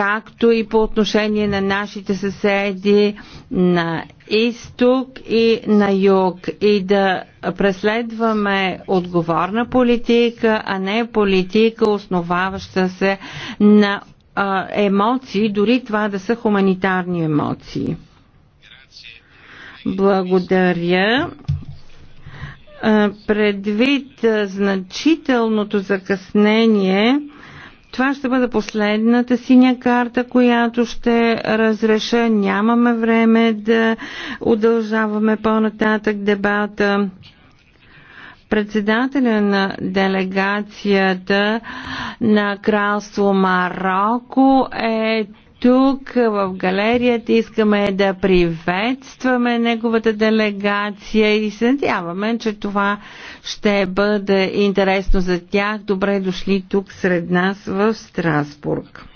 както и по отношение на нашите съседи на изток и на юг и да преследваме отговорна политика, а не политика основаваща се на а, емоции, дори това да са хуманитарни емоции. Благодаря предвид значителното закъснение това ще бъде последната синя карта, която ще разреша. Нямаме време да удължаваме по-нататък дебата. Председателя на делегацията на Кралство Марокко е тук в галерията. Искаме да приветстваме неговата делегация и се надяваме, че това ще бъде интересно за тях. Добре дошли тук сред нас в Страсбург.